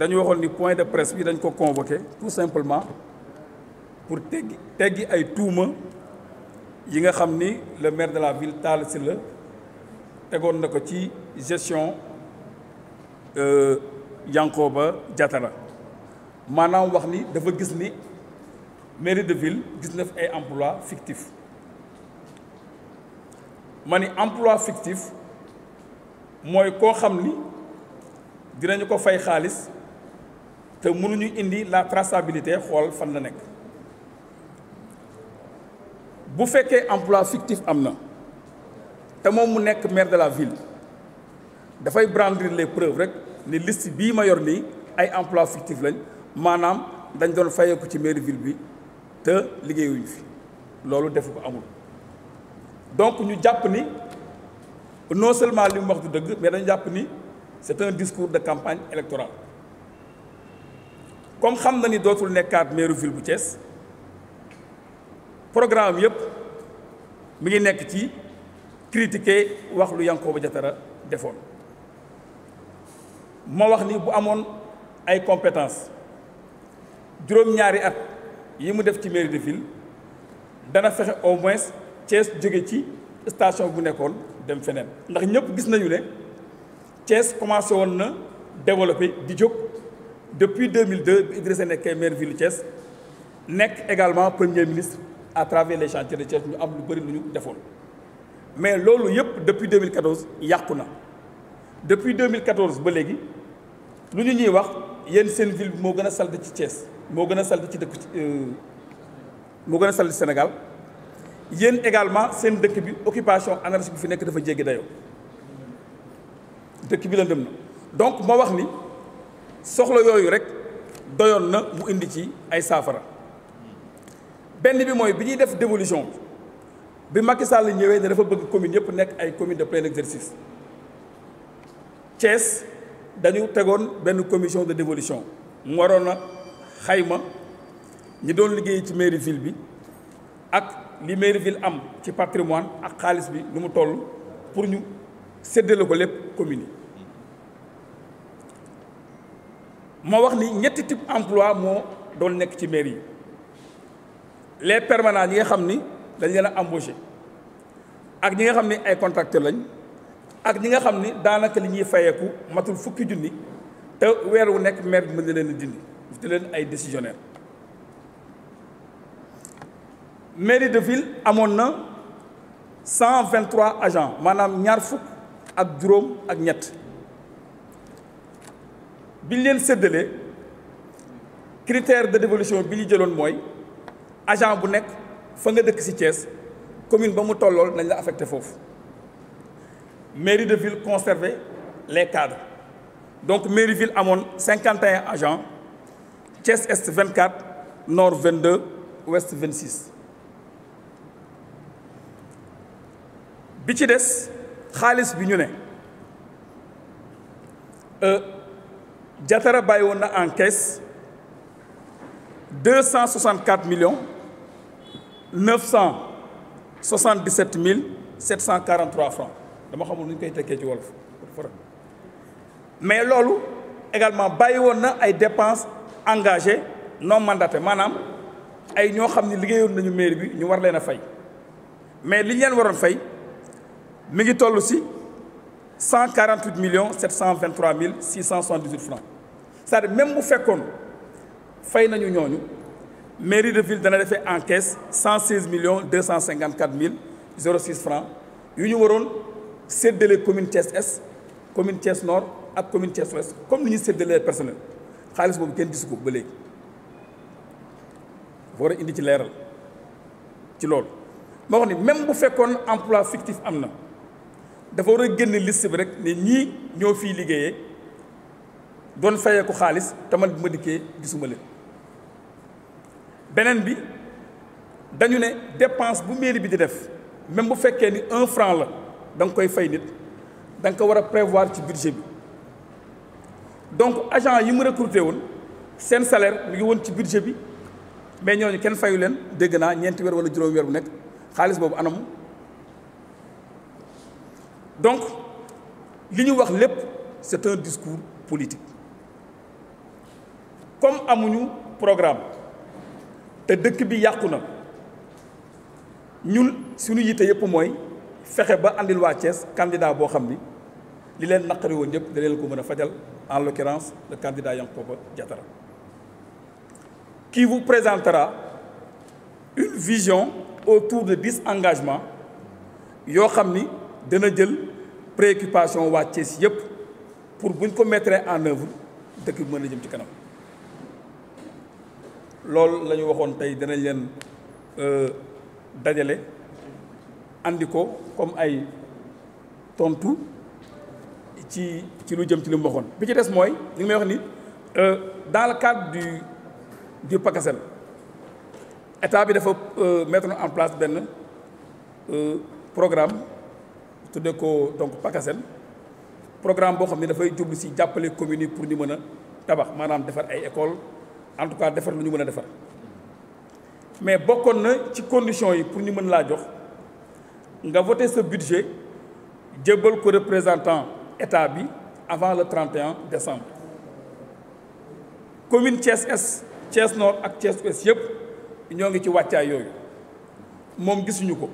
dañu waxoon ni point de presse bi dañ ko convoqué tout simplement pour teggi teggi ay tuuma yi nga xam ni le maire de la ville Talla Sylla tegoon na ko ci gestion euh, Yankoba Diattara maanaam wax ni dafa gis ni mairie de ville gis na fi ay emploi fictif ma ni emploi fictif mooy koo xam ni dinañu ko fay xaalis te mënuñu indi la traçabilité xool fan la nekk bu fekkee emploi fictif am na te moom mu nekk maire de la ville dafay brandir les preuves rek ni liste bii ma yor nii ay emploi fictif lañ maanaam dañ doon ko ci maire ville bi te liggéeyuñ fi loolu defu ko amul donc ñu jàpp ni non seulement li mu wax du dëgg mais dañu jàpp ni c'est un discours de campagne électorale comme xam na ni dootul nekkaat maire ville bu Thiès programme yëpp mi ngi nekk ci critiquer wax lu Yankhoba Diattara defoon ma wax ni bu amoon ay compétence juróom-ñaari at yi mu def ci mairie de ville dana fexe au moins Thiès jóge ci station bu nekkoon dem feneen ndax ñëpp gis nañu ne cees commencé woon na développé di jóg depuis deux bi Idrissa nekkee maire ville nekk également premier ministre à travers les chantiers de Thiès ñu am lu bëri lu ñu defoon mais loolu yëpp depuis 2014 yàqu na depuis deux 2014 ba léegi lu ñu ñuy wax yéen seen ville bi moo gën a salte ci Thiès moo gën a salte ci dëkk euh, moo gën a salte ci Sénégal yéen également seen dëkk bi occupation anarchique bi fi nekk dafa jéggi dayoo dëkk bi la ndëm na donc moo wax ni. soxla yooyu rek doyoon na mu indi ci ay saafara benn bi mooy bi ñuy def dévolution bi Macky Sall ñëwee ne dafa bëgg commune yëpp nekk ay commune de plein exercice Thiès dañu tegoon benn commission de dévolution mu waroon a xayma ñi doon liggéey ci mairie ville bi ak li mairie ville am ci patrimoine ak xaalis bi lu mu toll pour ñu séddale ko lépp commune moo wax ni ñetti type emploi moo doon nekk ci mairie yi les permanents ñi nga xam ni dañ leen a embauché ak ñi nga xam ni ay contracteurs lañ ak ñi nga xam ni daanaka li ñuy fayeeku matul fukki junni te weer wu nekk maire bi ma na leen dindi di leen ay décisionnaire maire de ville amoon na cent vingt-trois agent maanaam ñaar fukk ak juróom ak ñett biñ leen séddalee critère de dévolution bi ñu jëloon mooy agent bu nekk fa nga dëkk ci Thiès commune ba mu tollool nañu la affecté foofu mairie de ville conservé les cadres donc mairie ville amoon 51 agent Thiès est 24 nord 22 vingt 26. bi ci des xaalis bi ñu ne. Euh, Diatara bàyyi woon na en caisse deux cent soixante quatre millions neuf cent soixante dix sept mille sept cent quarante trois francs dama xamul nu ñu koy tekkee ci wolof mais loolu également bàyyi woon na ay dépenses engagées non mandatées maanaam ay ñoo xam ne liggéeyoon nañu mairie bi ñu war leen a fay mais li ñu leen waroon fay mi ngi toll si cent quarante huit millions sept cent vingt trois mille six cent soixante dix huit francs c'est-à-dire même bu fekkoon fay nañu ñooñu mairie de ville dana defee en caisse cent seize millions deux cent cinquante quatre mille zéro six francs yu ñu waroon séddale commune Thiès Est commune Thiès Nord ak commune Thiès Ouest comme ni ñuy séddalee personnel xaalis boobu kenn gisu ko ba léegi war a indi ci leeral ci loolu. moo wax ni même bu fekkoon emploi fictif am na dafa war a génn liste bi rek ne ñii ñoo fii liggéeyee. doon ko xaalis te man bu ma dikkee gisuma leen beneen bi dañu ne dépense bu mairie bi di def même bu fekkee ni un franc la da nga koy fay nit da nga ko war a prévoir ci budget bi donc agent yi mu recruté woon seen salaire mu ngi woon ci budget bi mais ñooñu kenn fayu leen dégg naa ñeenti weer wala juróom weer bu nekk xaalis boobu anam donc li ñu wax lépp c'est un discours politique comme amuñu programme te dëkk bi yàqu na ñun suñu yitte yëpp mooy fexe ba andil wàccees Thiès boo xam ni li leen naqari woon yëpp da leen ko mën a fajal en l'occurrence le candidat Yankhoba Diattara qui vous présentera une vision autour de dix engagements yoo xam ni dana jël préoccupation waa Thiès yëpp pour buñ ko mettre en œuvre dëkk bi mën a jëm ci kanam loolu lañu waxoon tey danañ leen euh, dajale andi ko comme ay tontu ci ci lu jëm ci li mu waxoon bi ci des mooy li may wax ni euh, dans le cadre du du PACASEN état bi dafa euh, mettre en place benn programme tudde ko donc pakasen programme boo xam ne dafay jublu si jàppale communes yi pour ñu mën a tabax maanaam defar ay école en tout cas defar lu ñu mën a defar mais bokkoon na ci conditions yi pour ñu mën laa jox nga voté sa budget jébbal ko représentant état bi avant le 31 décembre commune Thiès Est Thiès Nord ak Thiès Ouest yëpp ñoo ngi ci wàccaay yooyu moom gisuñu ko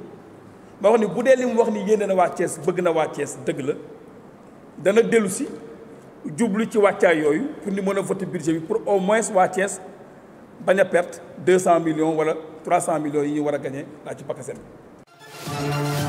ma wax ni bu dee li mu wax ni yéene na waa Thiès bëgg na waa Thiès dëgg la dana dellusi jublu ci wàccaay yooyu pour ñu mën a voter budget bi pour au moins waa Thiès bañ a perte deux cent millions wala trois cent millions yi ñu war a gagné laa ci Pakasen bi